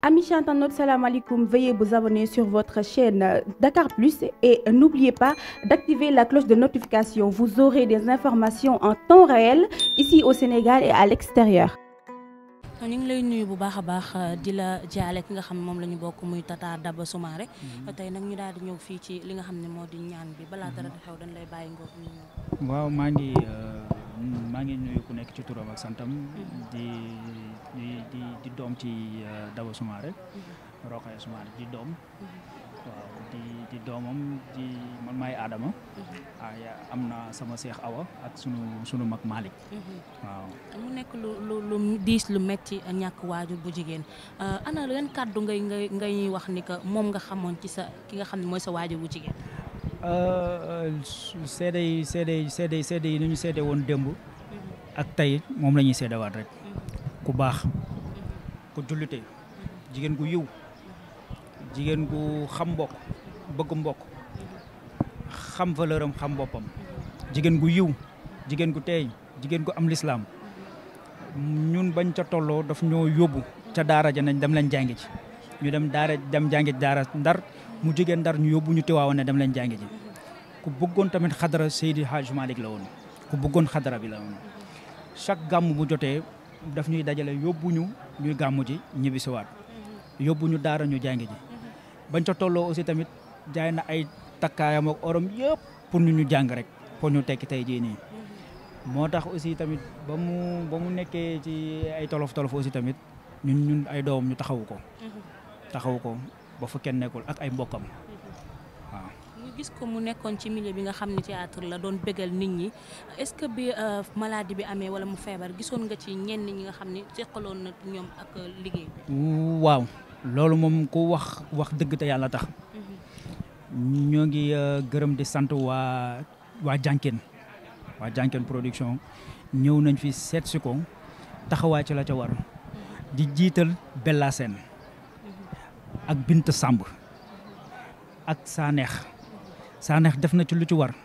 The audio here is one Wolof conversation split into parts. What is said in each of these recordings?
Amis chers internautes, salam alaikum. Veuillez vous abonner sur votre chaîne Dakar Plus et n'oubliez pas d'activer la cloche de notification. Vous aurez des informations en temps réel ici au Sénégal et à l'extérieur. ñu ngi lay nuyu bu baax a baax euh, di la jaale ki nga xam ne moom la ñu bokk muy Tata Daba Soumaré mm-hmm. tey nag ñu daal di ñëw fii ci li nga xam ne moo di ñaan bi balaa dara di xew dañ lay bàyyi ngóob ñu waaw maa ngi. Euh, maa ngi nuyu ku nekk ci turam ak santam di doom ci euh, Daba Soumaré mm-hmm. Rokhaya rek di doom waaw di doomam di man maay aadama mm-hmm. ah am na sama seex Awa ak sunu sunu mag Malick mm-hmm. waaw mu nekk lu lu lu diis lu metti ñàkk waajur bu jigéen euh, ana leen kàddu ngay ngay ngay wax ni que moom nga xamoon ci sa ki nga xam ne mooy sa waajur bu jigéen Euh, euh, seede yi seede yi seede yi seede yi ni ñu seede woon démb ak tey moom lañuy ñuy seedewaat rek ku baax ku jullite jigéen gu yiw jigéen gu xam mbokk bëgg mbokk xam valeur xam boppam jigéen gu yiw jigéen gu teey jigéen gu am lislaam ñun bañ ca tolloo daf ñoo yóbbu ca daara ja nañ dem leen jàngi ci ñu dem daara dem jàngi daara ndar mu jógee ndar ñu yóbbu ñu tiwaawoon ne dem leen jàngi ji ku bëggoon tamit xadara Seydi Hadj Malick la woon ku bëggoon xadara bi la woon chaque gàmm bu jotee daf ñuy dajale yóbbu ñu ñuy gàmmu ji ñibbisiwaat yóbbu ñu daara ñu jàngi ji bañ ca tolloo aussi tamit jaay na ay takkaayam ak orom yëpp pour ñu ñu jàng rek pour ñu tekki tey jii nii moo tax aussi tamit ba mu ba mu nekkee ci ay tolof tolof aussi tamit ñu ñun ay doom ñu taxawu ko mm-hmm. taxawu ko ba fa kenn nekkul ak ay mbokkam waaw. ñu gis ko mu nekkoon ci milieu bi nga xam ne théâtre la doon bégal nit ñi est-ce que bi euh, maladie bi amee walla mu feebar gisoon nga ci ñenn ñi nga xam ne seqaloon na ñoom ak liggéey waaw loolu moom ku wax wax dëgg te yàlla tax. Mhm. ñoo ngi euh, gërëm di sant waa waa jànkeen waa jànkeen production ñëw nañ fi seet si ko taxawaay ci la ca war mhm. di jiital Bella Sène ak Binta Samb ak Saneex Saneex def na ci lu ci war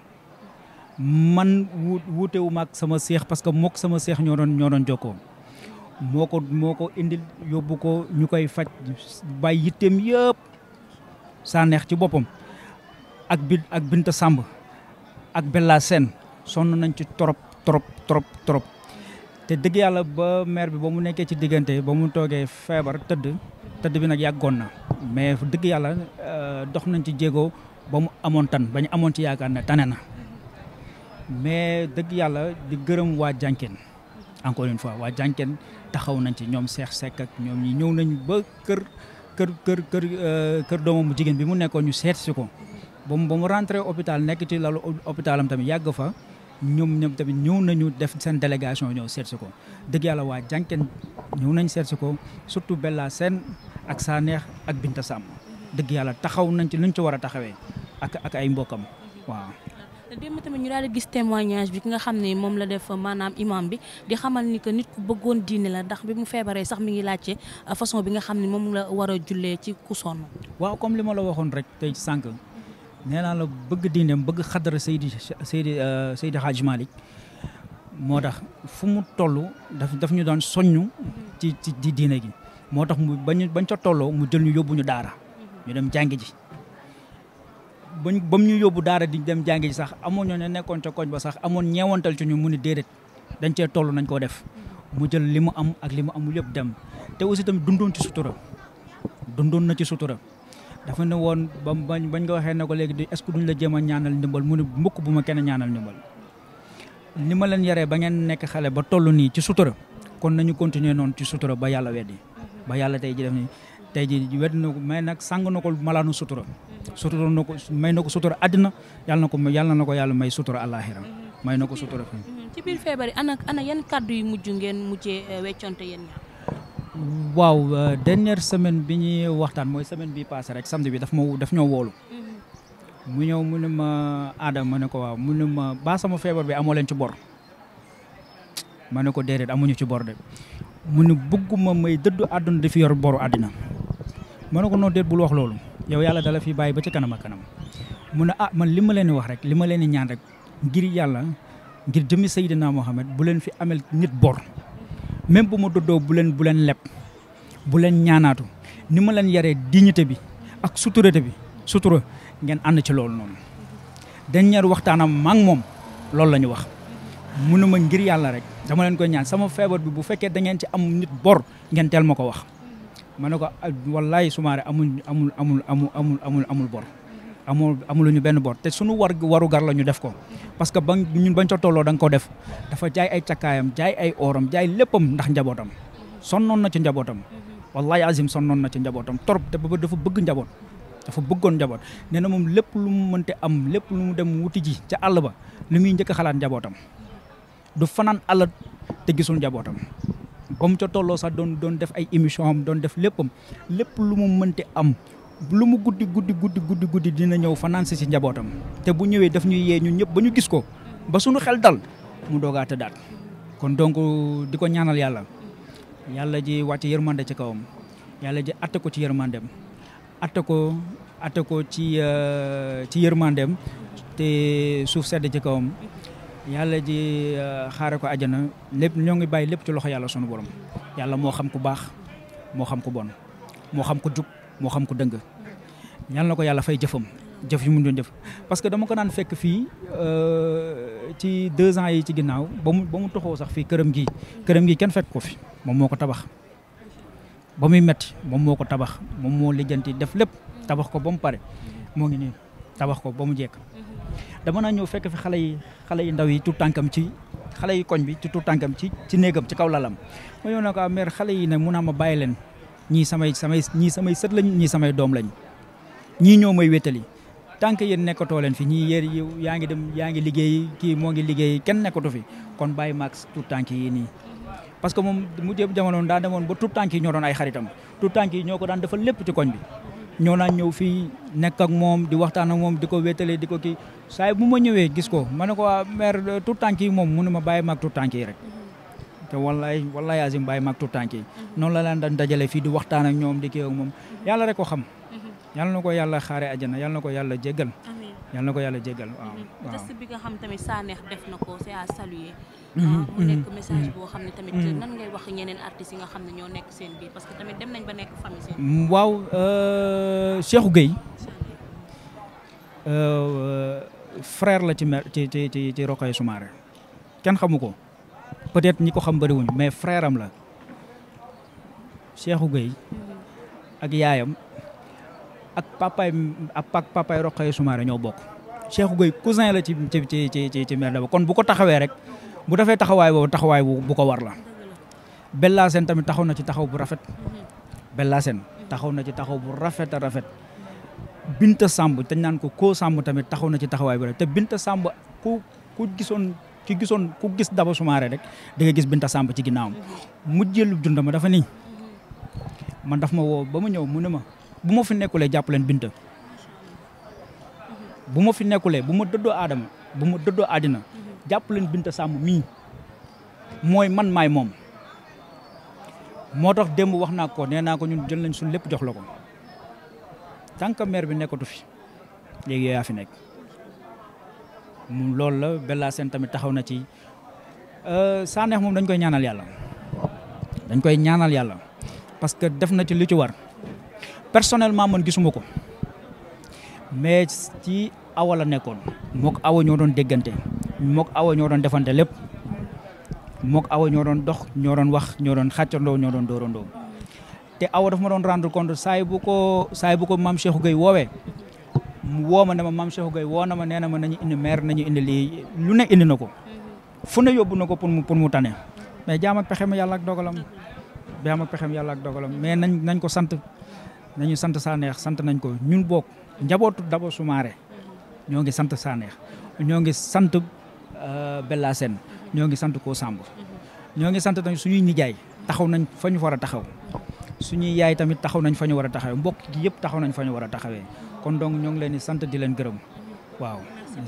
man wuute wu ma ak sama seex parce que mook sama seex ñoo doon ñoo doon jokkoo moo ko moo ko indi yóbbu ko ñu koy faj bàyyi yitteem yëpp Saneex ci boppam ak bi ak Binta Samb ak Bella seen sonn nañ ci trop trop trop trop te dëgg yàlla ba meer bi ba mu nekkee ci diggante ba mu toogee feebar tëdd tëdd bi nag yàggoon na mais dëgg yàlla euh, dox nañ ci jéegoo ba mu amoon tan ba ñu amoon ci yaakaar ne tane na mais dëgg yàlla di gërëm waa jànkeen encore une fois waa jànkeen taxaw nañ ci ñoom Seex Sekk ak ñoom ñi ñëw nañ ba kër kër kër kër euh, kër doomam jigéen bi mu nekkoon ñu seet si ko ba mu rentre mu hôpital nekk ci lalu hôpitalam tamit yàgg fa ñoom ñoom tamit ñëw nañu def seen délégation ñëw seet si ko dëgg yàlla waa jànkeen ñëw nañ seet si ko surtout Bella Sène ak saa neex ak Binta Samb dëgg yàlla taxaw nañ ci luñ ci war a taxawee ak ak ay mbokkam waaw. démb tamit ñu daal di gis témoignage bi ki nga xam ne moom la def maanaam imam bi di xamal ni que nit ku bëggoon diine la ndax bi mu feebaree sax mi ngi laajte façon bi nga xam ne moom la war a jullee ci ku sonn. waaw comme li ma la waxoon rek tey sànq nee naa la bëgg diineem bëgg xadara Seydi Seydi euh, Seydi Hadj moo tax fu mu toll daf daf ñu daan soññu ci di diine gi. moo tax mu bañ bañ ca tolloo mu jël ñu yóbbu ñu daara mhm. ñu dem jàngi ji bañ ba mu ñu yóbbu daara di dem jàngi ji sax amoon ñoo ne nekkoon ca koñ ba sax amoon ñeewantal ci ñu mu ni déedéet dañ cee tollu nañ koo def mhm. mu jël li mu am ak li mu amul yëpp dem te aussi tamit dundoon ci sutura dundoon na ci sutura dafa ne woon ba bañ bañ nga waxee ne ko léegi di esku duñ la jéem a ñaanal ndimbal mu ne mbokk bu ma kenn ñaanal ndimbal ni ma leen yaree ba ngeen nekk xale ba toll nii ci sutura kon nañu continuer noonu ci sutura ba yàlla weddi ba yàlla tey ji def ni tey ji wedd na ko may nag sàng na ko malaanu sutura sutura na ko may na ko sutura àddina yàlla na ko yàlla na ko yàlla may sutura àllaaxira may na ko sutura fi ci ana ana yan kàddu yu mujj ngeen mujjee eh, wecconte yéen ñaar waaw eh, dernière semaine bi ñuy waxtaan mooy semaine bi passé rek samedi bi daf ma daf ñoo woolu mu ñëw mu ne ma aadama ma ne ko waaw mu ne ma baa sama feebar bi amoo leen ci bor ma ne ko déedéet amuñu ci bor de mu ne bëgguma may dëddu àdduna di fi yor boru àddina ma ne ko noonu déet bul wax loolu yow yàlla dala fi bàyyi ba ci kanam kanam mu ne ah man li ma leen wax rek li ma leen di ñaan rek ngir yàlla ngir jëmi Seydina Mohamed bu leen fi ameel nit bor même bu ma doddoo bu leen bu leen leb bu leen ñaanaatu ni ma leen yaree dignité bi ak suturate bi sutura ngeen ànd ci loolu noonu dañ ñaar waxtaanam maa ngi moom loolu la ñu wax ma ngir yàlla rek dama leen koy ñaan sama feebar bi bu fekkee da ngeen ci am nit bor ngeen teel ma ko wax ma ne ko wallaay sumaare amuñ amul amul amul amul amul amul bor amul amuluñu benn bor te suñu war waru gar la ñu def ko parce que ba ñu bañ ca tolloo da nga ko def dafa jaay ay cakkaayam jaay ay ooram jaay léppam ndax njabootam sonnoon na ci njabootam wallaay azim sonnoon na ci njabootam torop te ba dafa bëgg njaboot dafa bëggoon njaboot nee na moom lépp lu mu mënte am lépp lu mu dem wuti ji ca àll ba li muy njëkk xalaat njabootam du fanaan àll te gisul njabootam ba mu ca tolloo sax doon doon def ay émission am doon def léppam lépp lu mu mënti am lu mu guddi guddi guddi guddi guddi dina ñëw fanaan si si njabootam te bu ñëwee daf ñuy yee ñun ñëpp ba ñu gis ko ba suñu xel dal mu doogaa tëddaat kon donc di ko ñaanal yàlla yàlla ji wàcc yërmande ci kawam yàlla ji atte ko ci yërmandem atte ko atte ko ci euh, ci yërmandem te suuf sedd ci kawam yàlla ji euh, xaare ko àjjana lépp ñoo ngi bàyyi lépp ci loxo yàlla sunu borom yàlla moo xam ku baax moo xam ku bon moo xam ku jug moo xam ku dëng ñaan na ko yàlla fay jëfam jëf yu mu doon jëf parce que dama ko daan fekk fii euh, ci deux ans yi ci ginnaaw ba mu ba mu toxoo sax fii këram gi këram gi kenn fekk ko fi moom moo ko tabax ba muy metti moom moo ko tabax moom moo lijjanti def lépp tabax ko ba mu pare moo ngi nii tabax ko ba mu jekk dama naa ñëw fekk fi xale yi xale yi ndaw yi tout tànkam ci xale yi koñ bi ci tout tànkam ci ci néegam ci kaw lalam ma ñëw ne ko ah, mère xale yi nag mun naa ma bàyyi leen ñii samay samay ñii samay sët lañ ñii samay doom lañ ñii ñoo may wétali tant que yéen nekkatoo leen fi ñii yére yow yaa ngi dem yaa ngi liggéey kii moo ngi liggéey kenn nekkatu fi kon bàyyi maag tout tànk yi nii parce que moom mu jéem jamono daa demoon ba tout tànk yi ñoo doon ay xaritam tout tànk yi ñoo ko daan defal lépp ci koñ bi ñëw naa ñëw fii nekk ak moom di waxtaan ak moom di ko wétalee di ko kii saa bu ma ñëwee gis ko ma ne ko waa ah, euh, tout tànk yi moom mun ne ma bàyyi maag tout tànk rek mm-hmm. te wallaay wallaay azim bàyyi maag tout tànk mm-hmm. noonu la leen daan dajale fii di waxtaan ak ñoom di kii ak moom mm-hmm. yàlla rek ko xam yàlla na ko yàlla xaare àjjana yàlla na ko yàlla jéggal yàlla na ko yàlla jéggal waaw na ko c'est à saluer Mm-hmm, ah, mu nekk mm-hmm, mm-hmm. boo xam ne tamit nan ngay wax ñeneen nga xam ne ñoo nekk seen biir parce que tamit dem nañ ba nekk famille mm, waaw euh, Cheikhou Gueye euh, euh, frère la ci mer ci ci ci kenn xamu ko peut-être ñi ko xam bëriwuñu mais frère la Cheikhou Gueye ak yaayam ak papaay ak papaay Rokhaya Soumaré ñoo bokk Cheikhou Gueye cousin la ci ci ci kon bu ko taxawee rek bu defee taxawaay boobu taxawaay bu ko war la Bella Sène tamit taxaw na ci taxaw bu rafet Bella Sène taxaw na ci taxaw bu rafet a rafet Binta Samb te naan ko koo Samb tamit taxaw na ci taxawaay bu rafet te Binta Samb ku ku gisoon ki gisoon ku gis Daba Soumaré rek di nga gis Binta Samb ci ginnaaw mu jëlu dundam dafa nii man daf ma woo ba ma ñëw mu ne ma bu ma fi nekkulee jàpp leen Binta bu ma fi nekkulee bu ma dëddoo aadama bu ma dëddoo àddina jàpp leen Binta Samb mii mooy man maay moom moo tax démb wax naa ko nee naa ko ñun jël nañ suñ lépp jox la ko tant que maire bi nekkatu fi léegi yaa fi nekk mu loolu la Bella Sène tamit taxaw na ci euh, Sanex moom dañ koy ñaanal yàlla dañ koy ñaanal yàlla parce que def na ci lu ci war personnellement man gisuma ko mais ci awa la nekkoon moo ko awa doon déggante mook awa ñoo doon defante lépp mook awa ñoo doon dox ñoo doon wax ñoo doon xàccandoo ñoo doon doorondoo te awa dafa ma doon rendre compte saay bu ko saay bu ko maam Cheikhou Gueye woowee mu woo ma ne ma maam Cheikhou Gueye woo na ma nee na ma nañu indi maire nañu indi lii lu ne indi na ko fu ne yóbbu na ko pour mu pour mu tane mais jaam ak pexem yàlla ak dogalam jaam ak pexem yàlla ak dogalam mais nañ nañ ko sant nañu sant Sanex sant nañ ko ñun book njabootu Daba Soumaré ñoo ngi sant Sanex Euh, Bella Sène ñoo ngi sant koo Samb ñoo ngi sant tamit suñuy nijaay taxaw nañ fa ñu war a taxaw suñuy yaay tamit taxaw nañ fa ñu war a taxawee mbokk gi yëpp taxaw nañ fa ñu war a taxawee kon donc ñoo ngi leen di sant di leen gërëm waaw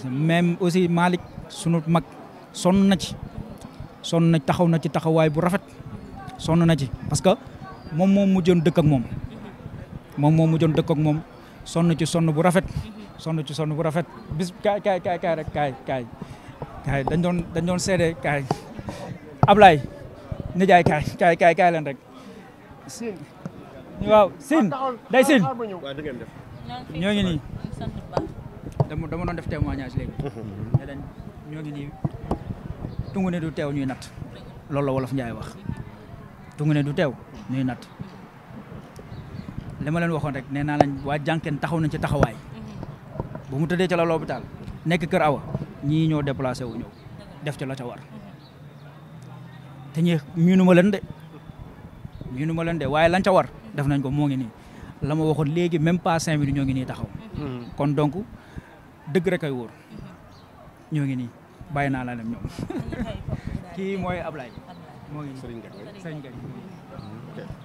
même aussi Malick sunu mag sonn na ci sonn na taxaw na ci taxawaay bu rafet sonn na ci parce que moom moom mujjoon dëkk ak moom moom moom mujjoon dëkk ak moom sonn ci sonn bu rafet sonn ci sonn bu rafet bis kaay kaay kaay kaay rek kaay kaay gars yi dañ doon dañ doon seede kaay Ablaye nijaay kaay kaay kaay kaay leen rek Sine waaw Sine day Sine ñoo ngi nii dama dama doon def témoignage léegi ne leen ñoo ngi nii tungu du teew ñuy natt loolu la wolof Njaay wax tungu du teew ñuy natt li ma leen waxoon rek nee naa lañ waa jànkeen taxaw nañ ci taxawaay bu mu tëddee ci la l'hôpital nekk kër awa ñii ñoo déplacé wu ñëw def ci la ca war te ñi miinu ma leen de miinu ma leen de waaye lañ ca war def nañ ko moo ngi nii la ma waxoon léegi même pas cinq minutes ñoo ngi nii taxaw. Hmm. kon donc dëgg rek ay wóor ñoo ngi nii bàyyi naa la dem ñoom kii moo ngi nii hmm.